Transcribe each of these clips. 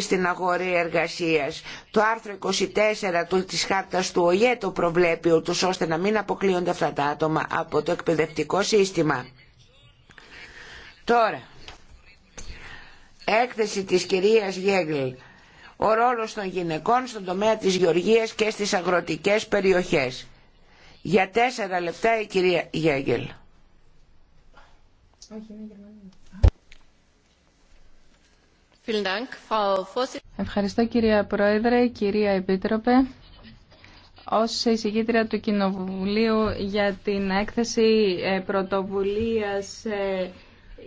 στην αγορή εργασίας. Το άρθρο 24 του, της χάρτας του ΟΙΕ το προβλέπει ούτως ώστε να μην αποκλείονται αυτά τα άτομα από το εκπαιδευτικό σύστημα. Τώρα, έκθεση της κυρίας Γέγλ. Ο ρόλος των γυναικών στον τομέα της γεωργίας και στις αγροτικές περιοχές. Για τέσσερα λεπτά η κυρία Γέγελ. Όχι, Ευχαριστώ κυρία Πρόεδρε, κυρία Επίτροπε. Ως εισηγήτρια του Κοινοβουλίου για την έκθεση ε, πρωτοβουλίας ε,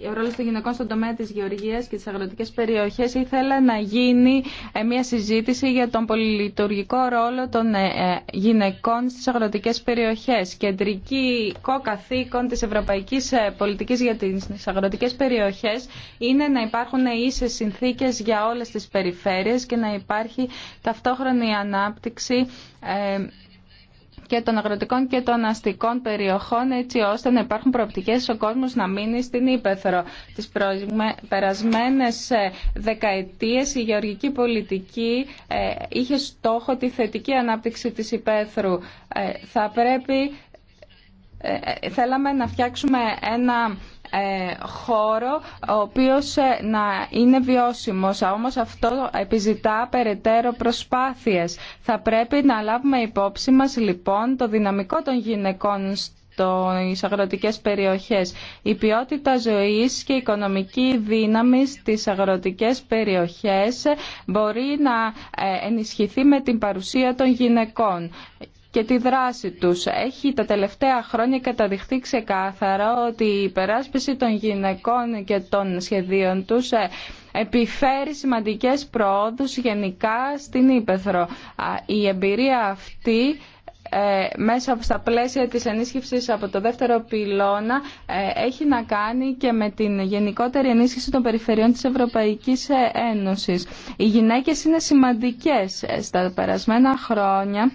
ο ρόλο των γυναικών στον τομέα τη γεωργίας και τις αγροτικές περιοχές ήθελα να γίνει ε, μια συζήτηση για τον πολυλειτουργικό ρόλο των ε, ε, γυναικών στις αγροτικές περιοχές. Κεντρική καθήκον της ευρωπαϊκής πολιτικής για τι αγροτικές περιοχές είναι να υπάρχουν ίσε συνθήκες για όλες τις περιφέρειες και να υπάρχει ταυτόχρονη ανάπτυξη και των αγροτικών και των αστικών περιοχών έτσι ώστε να υπάρχουν προοπτικές ο κόσμος να μείνει στην Ήπεθρο. Τις περασμένες ε, δεκαετίες η γεωργική πολιτική ε, είχε στόχο τη θετική ανάπτυξη της Ήπεθρου. Ε, θα πρέπει, θέλαμε να φτιάξουμε ένα ε, χώρο ο οποίος ε, να είναι βιώσιμος. Όμως αυτό επιζητά περαιτέρω προσπάθειες. Θα πρέπει να λάβουμε υπόψη μας λοιπόν το δυναμικό των γυναικών στις αγροτικές περιοχές. Η ποιότητα ζωής και η οικονομική δύναμη στις αγροτικές περιοχές μπορεί να ε, ενισχυθεί με την παρουσία των γυναικών και τη δράση τους. Έχει τα τελευταία χρόνια καταδειχθεί ξεκάθαρα ότι η υπεράσπιση των γυναικών και των σχεδίων τους ε, επιφέρει σημαντικές προόδους γενικά στην Ήπεθρο. Η εμπειρία αυτή ε, μέσα στα πλαίσια της ενίσχυσης από το δεύτερο πυλώνα ε, έχει να κάνει και με την γενικότερη ενίσχυση των περιφερειών της Ευρωπαϊκής Ένωσης. Οι γυναίκες είναι σημαντικές στα περασμένα χρόνια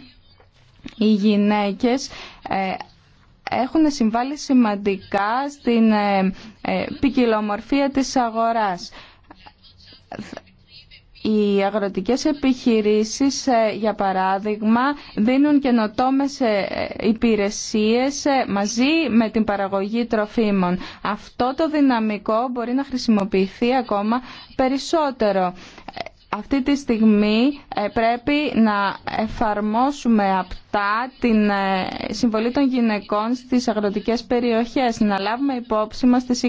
οι γυναίκες ε, έχουν συμβάλει σημαντικά στην ε, ε, ποικιλομορφία της αγοράς. Οι αγροτικές επιχειρήσεις, για παράδειγμα, δίνουν καινοτόμες υπηρεσίες μαζί με την παραγωγή τροφίμων. Αυτό το δυναμικό μπορεί να χρησιμοποιηθεί ακόμα περισσότερο αυτή τη στιγμή ε, πρέπει να εφαρμόσουμε αυτά την ε, συμβολή των γυναικών στις αγροτικές περιοχές, να λάβουμε υπόψη μας τις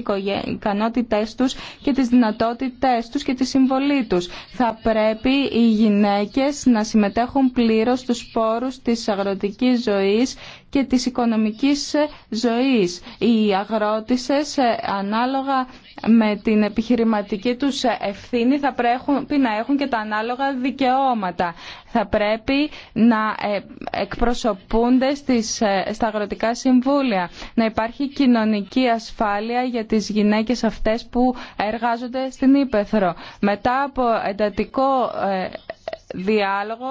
ικανότητές τους και τις δυνατότητές τους και τη συμβολή τους. Θα πρέπει οι γυναίκες να συμμετέχουν πλήρως στους πόρους της αγροτικής ζωής και της οικονομικής ζωής. Οι αγρότησες ε, ανάλογα με την επιχειρηματική τους ευθύνη θα πρέπει να έχουν και τα ανάλογα δικαιώματα. Θα πρέπει να ε, εκπροσωπούνται στις, ε, στα αγροτικά συμβούλια, να υπάρχει κοινωνική ασφάλεια για τις γυναίκες αυτές που εργάζονται στην Ήπεθρο. Μετά από εντατικό ε, διάλογο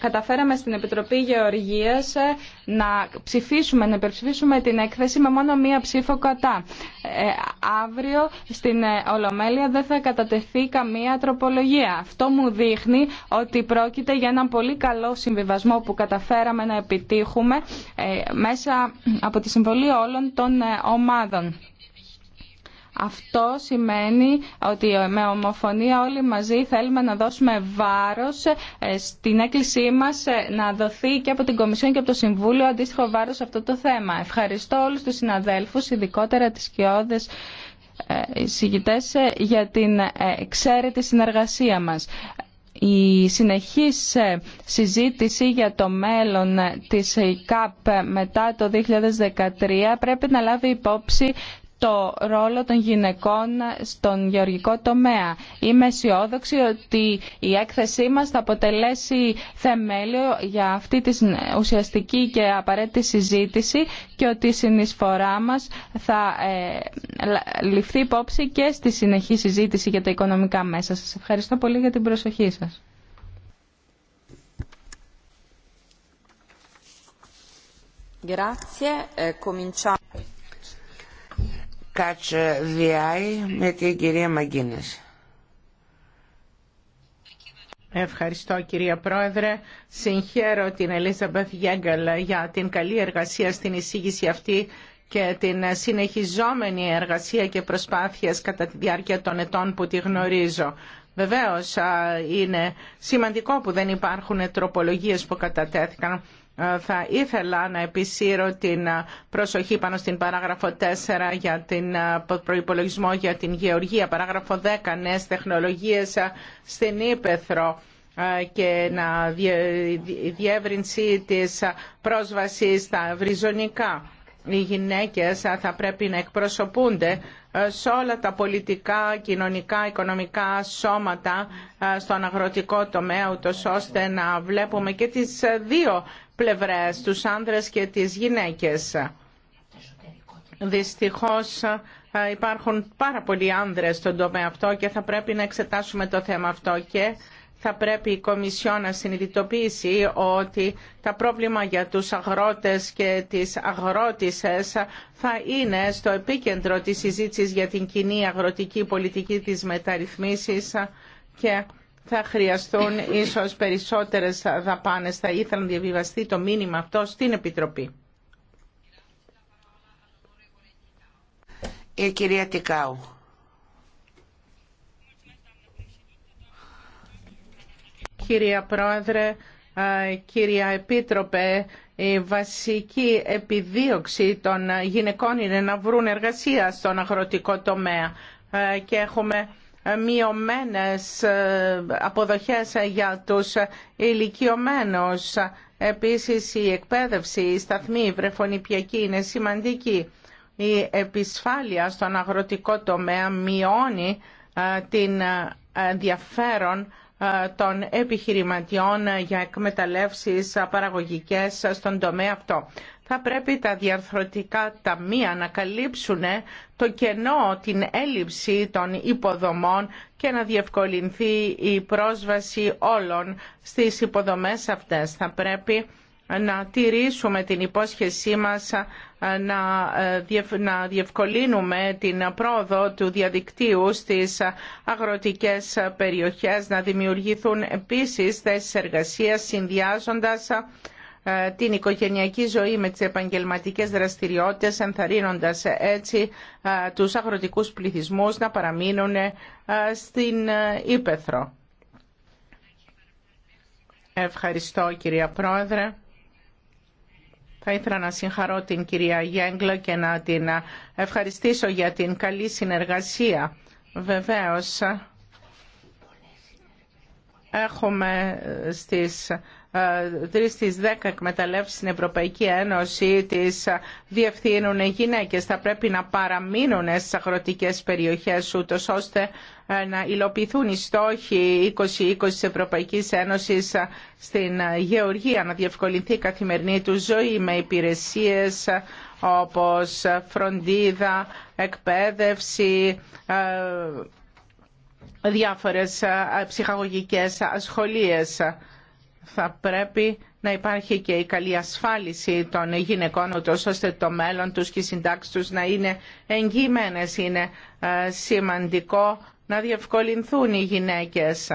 καταφέραμε στην Επιτροπή Γεωργίας ε, να ψηφίσουμε, να υπερψηφίσουμε την έκθεση με μόνο μία ψήφο κατά. Ε, αύριο στην ε, Ολομέλεια δεν θα κατατεθεί καμία τροπολογία. Αυτό μου δείχνει ότι πρόκειται για έναν πολύ καλό συμβιβασμό που καταφέραμε να επιτύχουμε μέσα από τη συμβολή όλων των ομάδων. Αυτό σημαίνει ότι με ομοφωνία όλοι μαζί θέλουμε να δώσουμε βάρος ε, στην έκκλησή μας ε, να δοθεί και από την Κομισιόν και από το Συμβούλιο αντίστοιχο βάρος σε αυτό το θέμα. Ευχαριστώ όλους τους συναδέλφους, ειδικότερα τις κοιόδες ε, για την εξαίρετη συνεργασία μας. Η συνεχής συζήτηση για το μέλλον της ΚΑΠ μετά το 2013 πρέπει να λάβει υπόψη το ρόλο των γυναικών στον γεωργικό τομέα. Είμαι αισιόδοξη ότι η έκθεσή μας θα αποτελέσει θεμέλιο για αυτή τη ουσιαστική και απαραίτητη συζήτηση και ότι η συνεισφορά μας θα ε, ληφθεί υπόψη και στη συνεχή συζήτηση για τα οικονομικά μέσα. Σας ευχαριστώ πολύ για την προσοχή σας. Ε, με κυρία Ευχαριστώ κυρία Πρόεδρε. Συγχαίρω την Ελίζαμπεθ Γέγκελ για την καλή εργασία στην εισήγηση αυτή και την συνεχιζόμενη εργασία και προσπάθειες κατά τη διάρκεια των ετών που τη γνωρίζω. Βεβαίως είναι σημαντικό που δεν υπάρχουν τροπολογίες που κατατέθηκαν ε, θα ήθελα να επισύρω την ε, προσοχή πάνω στην παράγραφο 4 για την ε, προϋπολογισμό για την γεωργία, παράγραφο 10 νέες τεχνολογίες στην Ήπεθρο και να διεύρυνση της πρόσβασης στα βριζονικά οι γυναίκες θα πρέπει να εκπροσωπούνται ε, σε όλα τα πολιτικά, κοινωνικά, οικονομικά σώματα ε, στον αγροτικό τομέα, ούτω ώστε να βλέπουμε και τις ε, δύο πλευρές, τους άνδρες και τις γυναίκες. Δυστυχώς υπάρχουν πάρα πολλοί άνδρες στον τομέα αυτό και θα πρέπει να εξετάσουμε το θέμα αυτό και θα πρέπει η Κομισιό να συνειδητοποιήσει ότι τα πρόβλημα για τους αγρότες και τις αγρότησες θα είναι στο επίκεντρο της συζήτηση για την κοινή αγροτική πολιτική της μεταρρυθμίσης και θα χρειαστούν ίσως περισσότερες δαπάνες. Θα ήθελα να διαβιβαστεί το μήνυμα αυτό στην Επιτροπή. Η κυρία Τικάου. κυρία Πρόεδρε, κυρία Επίτροπε. Η βασική επιδίωξη των γυναικών είναι να βρουν εργασία στον αγροτικό τομέα και έχουμε μειωμένες αποδοχές για τους ηλικιωμένους. Επίσης η εκπαίδευση, η σταθμή, η βρεφονιπιακή είναι σημαντική. Η επισφάλεια στον αγροτικό τομέα μειώνει την ενδιαφέρον ε, των επιχειρηματιών για εκμεταλλεύσεις παραγωγικές στον τομέα αυτό. Θα πρέπει τα διαρθρωτικά ταμεία να καλύψουν ε, το κενό, την έλλειψη των υποδομών και να διευκολυνθεί η πρόσβαση όλων στις υποδομές αυτές. Θα πρέπει να τηρήσουμε την υπόσχεσή μας να διευκολύνουμε την πρόοδο του διαδικτύου στις αγροτικές περιοχές, να δημιουργηθούν επίσης θέσεις εργασίας συνδυάζοντας ε, την οικογενειακή ζωή με τις επαγγελματικές δραστηριότητες ενθαρρύνοντας έτσι ε, τους αγροτικούς πληθυσμούς να παραμείνουν ε, στην Ήπεθρο. Ευχαριστώ κυρία Πρόεδρε. Θα ήθελα να συγχαρώ την κυρία Γέγκλο και να την ευχαριστήσω για την καλή συνεργασία. Βεβαίως, έχουμε ε, στις 3 ε, στις δέκα εκμεταλλεύσεις στην Ευρωπαϊκή Ένωση τις ε, διευθύνουν οι γυναίκες. Θα πρέπει να παραμείνουν στις αγροτικές περιοχές ούτως ώστε να υλοποιηθούν οι στόχοι 2020 της Ευρωπαϊκής Ένωσης στην γεωργία, να διευκολυνθεί η καθημερινή του ζωή με υπηρεσίες όπως φροντίδα, εκπαίδευση, διάφορες ψυχαγωγικές ασχολίες. Θα πρέπει να υπάρχει και η καλή ασφάλιση των γυναικών, ώστε το μέλλον τους και οι συντάξεις τους να είναι εγγυημένες. Είναι σημαντικό να διευκολυνθούν οι γυναίκες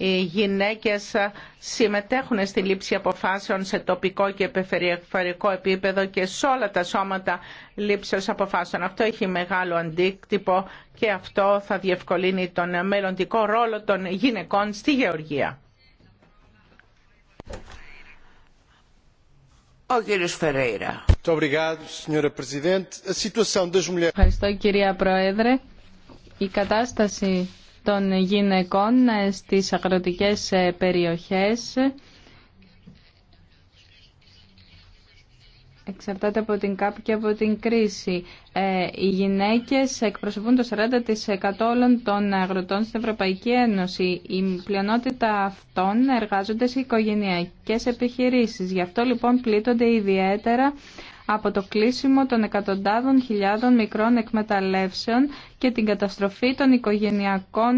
οι γυναίκες συμμετέχουν στη λήψη αποφάσεων σε τοπικό και περιφερειακό επίπεδο και σε όλα τα σώματα λήψεως αποφάσεων. Αυτό έχει μεγάλο αντίκτυπο και αυτό θα διευκολύνει τον μελλοντικό ρόλο των γυναικών στη γεωργία. Ο κύριος Φερέιρα. Ευχαριστώ κυρία Πρόεδρε. Η κατάσταση των γυναικών ε, στις αγροτικές ε, περιοχές εξαρτάται από την ΚΑΠ και από την κρίση. Ε, οι γυναίκες εκπροσωπούν το 40% όλων των αγροτών στην Ευρωπαϊκή Ένωση. Η πλειονότητα αυτών εργάζονται σε οικογενειακές επιχειρήσεις. Γι' αυτό λοιπόν πλήττονται ιδιαίτερα από το κλείσιμο των εκατοντάδων χιλιάδων μικρών εκμεταλλεύσεων και την καταστροφή των οικογενειακών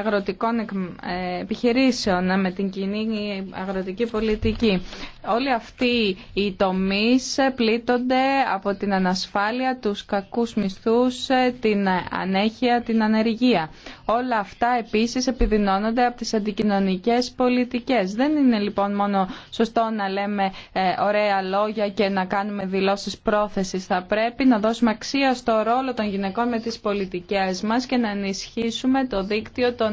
αγροτικών ε, επιχειρήσεων ε, με την κοινή αγροτική πολιτική. Όλοι αυτοί οι τομείς ε, πλήττονται από την ανασφάλεια, τους κακούς μισθούς, την ανέχεια, την ανεργία. Όλα αυτά επίσης επιδεινώνονται από τις αντικοινωνικές πολιτικές. Δεν είναι λοιπόν μόνο σωστό να λέμε ωραία λόγια και να κάνουμε δηλώσεις πρόθεσης. Θα πρέπει να δώσουμε αξία στο ρόλο των γυναικών με τις πολιτικές μας και να ενισχύσουμε το δίκτυο των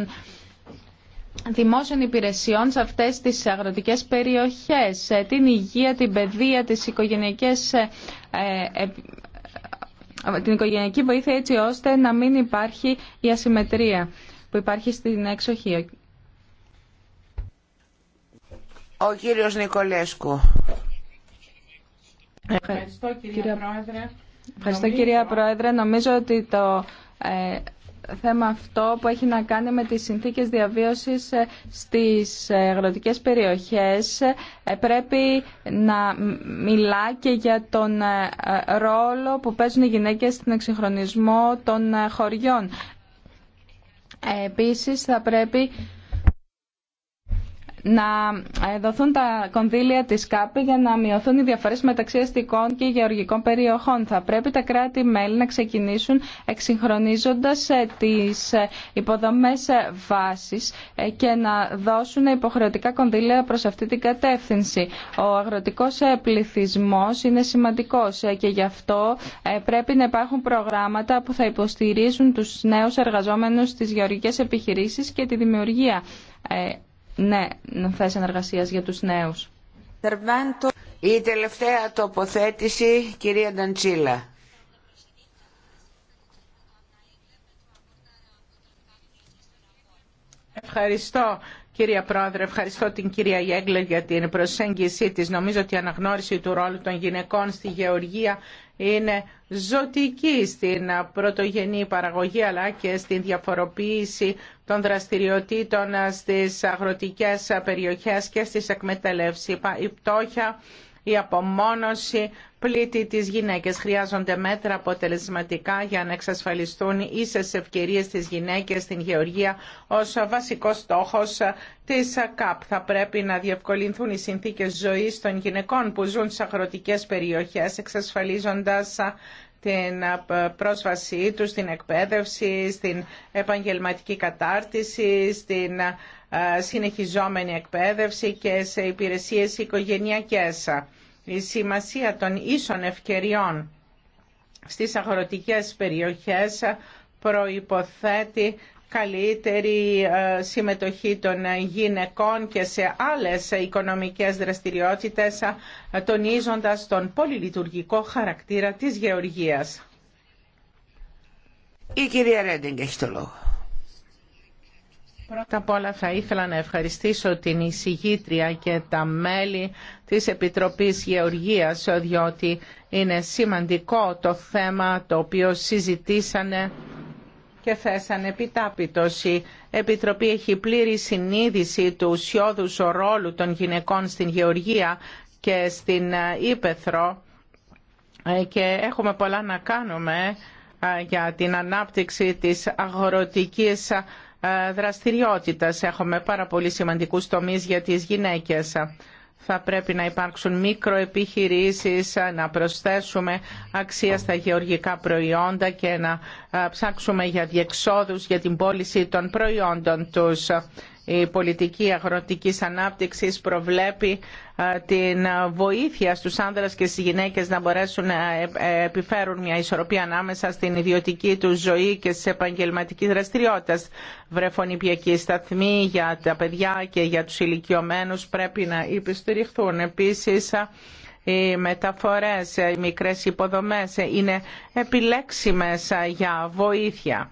των δημόσιων υπηρεσιών σε αυτές τις αγροτικές περιοχές, ε, την υγεία, την παιδεία, τις οικογενειακές ε, ε, την οικογενειακή βοήθεια έτσι ώστε να μην υπάρχει η ασυμμετρία που υπάρχει στην εξοχή. Ο κύριος Νικολέσκου. Ευχαριστώ κυρία Πρόεδρε. Ευχαριστώ κυρία Πρόεδρε. Νομίζω ότι το θέμα αυτό που έχει να κάνει με τις συνθήκες διαβίωσης ε, στις ε, αγροτικές περιοχές. Ε, πρέπει να μιλά και για τον ρόλο που παίζουν οι γυναίκες στην εξυγχρονισμό των χωριών. Επίσης θα πρέπει να ε, δοθούν τα κονδύλια της ΚΑΠ για να μειωθούν οι διαφορές μεταξύ αστικών και γεωργικών περιοχών. Θα πρέπει τα κράτη-μέλη να ξεκινήσουν εξυγχρονίζοντας ε, τις ε, υποδομές βάσης και να δώσουν υποχρεωτικά κονδύλια προς αυτή την κατεύθυνση. Ο αγροτικός πληθυσμός είναι σημαντικός και γι' αυτό πρέπει να υπάρχουν προγράμματα που θα υποστηρίζουν τους νέους εργαζόμενους στις γεωργικές επιχειρήσεις και τη δημιουργία ναι θέση εργασία για τους νέους. Η τελευταία τοποθέτηση, κυρία Νταντσίλα. Ευχαριστώ. Κύριε Πρόεδρε, ευχαριστώ την κυρία Γέγκλερ για την προσέγγιση της. Νομίζω ότι η αναγνώριση του ρόλου των γυναικών στη γεωργία είναι ζωτική στην πρωτογενή παραγωγή αλλά και στην διαφοροποίηση των δραστηριοτήτων στις αγροτικές περιοχές και στις εκμεταλλεύσεις. Η η απομόνωση πλήττει τις γυναίκες. Χρειάζονται μέτρα αποτελεσματικά για να εξασφαλιστούν ίσες ευκαιρίες στις γυναίκες στην γεωργία ως βασικό στόχος της ΚΑΠ. Θα πρέπει να διευκολυνθούν οι συνθήκες ζωής των γυναικών που ζουν σε αγροτικές περιοχές εξασφαλίζοντας την πρόσβασή τους στην εκπαίδευση, στην επαγγελματική κατάρτιση, στην ε, συνεχιζόμενη εκπαίδευση και σε υπηρεσίες οικογενειακές. Η σημασία των ίσων ευκαιριών στις αγροτικές περιοχές προϋποθέτει καλύτερη ε, συμμετοχή των γυναικών και σε άλλες οικονομικές δραστηριότητες, ε, τονίζοντας τον πολυλειτουργικό χαρακτήρα της γεωργίας. Η κυρία Ρέντινγκ έχει το λόγο. Πρώτα απ' όλα θα ήθελα να ευχαριστήσω την εισηγήτρια και τα μέλη της Επιτροπής Γεωργίας, διότι είναι σημαντικό το θέμα το οποίο συζητήσανε και θέσανε επιτάπητος. Η Επιτροπή έχει πλήρη συνείδηση του ουσιώδους ρόλου των γυναικών στην Γεωργία και στην ε, Ήπεθρο ε, και έχουμε πολλά να κάνουμε ε, για την ανάπτυξη της αγροτικής ε, δραστηριότητας. Έχουμε πάρα πολύ σημαντικούς τομείς για τις γυναίκες. Θα πρέπει να υπάρξουν μικροεπιχειρήσεις, να προσθέσουμε αξία στα γεωργικά προϊόντα και να ε, ψάξουμε για διεξόδους για την πώληση των προϊόντων τους. Η πολιτική αγροτικής ανάπτυξης προβλέπει την βοήθεια στους άνδρες και στις γυναίκες να μπορέσουν να ε, ε, επιφέρουν μια ισορροπία ανάμεσα στην ιδιωτική του ζωή και στις επαγγελματική δραστηριότητες. Βρεφονιπιακοί σταθμοί για τα παιδιά και για τους ηλικιωμένους πρέπει να υπηστηριχθούν. Επίσης, οι μεταφορές, οι μικρές υποδομές είναι επιλέξιμες για βοήθεια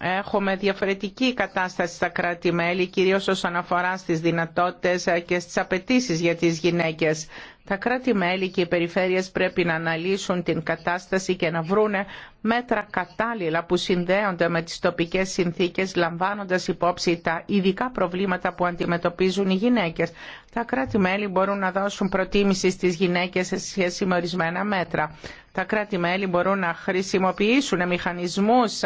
Έχουμε διαφορετική κατάσταση στα κράτη-μέλη, κυρίως όσον αφορά στις δυνατότητες ε, και στις απαιτήσει για τις γυναίκες. Τα κράτη-μέλη και οι περιφέρειες πρέπει να αναλύσουν την κατάσταση και να βρούνε μέτρα κατάλληλα που συνδέονται με τις τοπικές συνθήκες, λαμβάνοντας υπόψη τα ειδικά προβλήματα που αντιμετωπίζουν οι γυναίκες. Τα κράτη-μέλη μπορούν να δώσουν προτίμηση στις γυναίκες σε σχέση με ορισμένα μέτρα. Τα κράτη-μέλη μπορούν να χρησιμοποιήσουν μηχανισμούς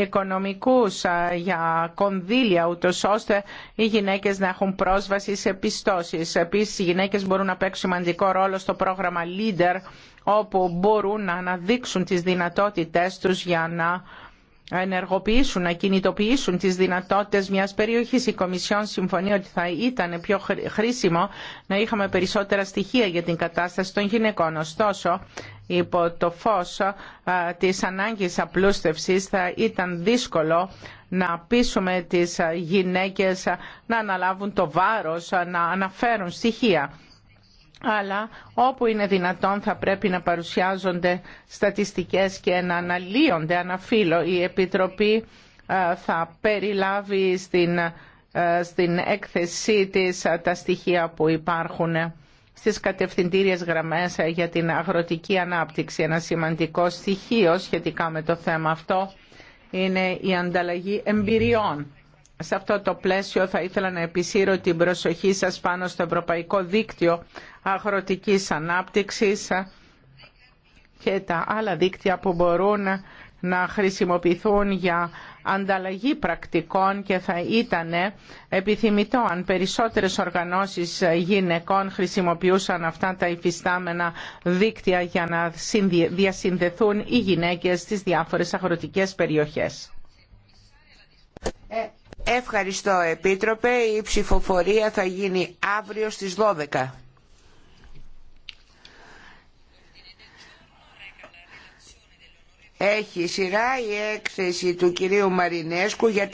οικονομικούς για κονδύλια ούτως ώστε οι γυναίκες να έχουν πρόσβαση σε πιστώσεις. Επίσης οι γυναίκες μπορούν να παίξουν σημαντικό ρόλο στο πρόγραμμα Leader όπου μπορούν να αναδείξουν τις δυνατότητές τους για να ενεργοποιήσουν, να κινητοποιήσουν τις δυνατότητες μιας περιοχής. Η Κομισιόν συμφωνεί ότι θα ήταν πιο χρήσιμο να είχαμε περισσότερα στοιχεία για την κατάσταση των γυναικών. Ωστόσο, υπό το φως της ανάγκης απλούστευσης θα ήταν δύσκολο να πείσουμε τις γυναίκες να αναλάβουν το βάρος, να αναφέρουν στοιχεία αλλά όπου είναι δυνατόν θα πρέπει να παρουσιάζονται στατιστικές και να αναλύονται αναφύλλω. Η Επιτροπή ε, θα περιλάβει στην, ε, στην έκθεσή της ε, τα στοιχεία που υπάρχουν στις κατευθυντήριες γραμμές για την αγροτική ανάπτυξη. Ένα σημαντικό στοιχείο σχετικά με το θέμα αυτό είναι η ανταλλαγή εμπειριών σε αυτό το πλαίσιο θα ήθελα να επισύρω την προσοχή σας πάνω στο Ευρωπαϊκό Δίκτυο Αγροτικής Ανάπτυξης και τα άλλα δίκτυα που μπορούν να χρησιμοποιηθούν για ανταλλαγή πρακτικών και θα ήταν επιθυμητό αν περισσότερες οργανώσεις γυναικών χρησιμοποιούσαν αυτά τα υφιστάμενα δίκτυα για να διασυνδεθούν οι γυναίκες στις διάφορες αγροτικές περιοχές. Ευχαριστώ Επίτροπε. Η ψηφοφορία θα γίνει αύριο στις 12. Έχει σειρά η έκθεση του κυρίου Μαρινέσκου για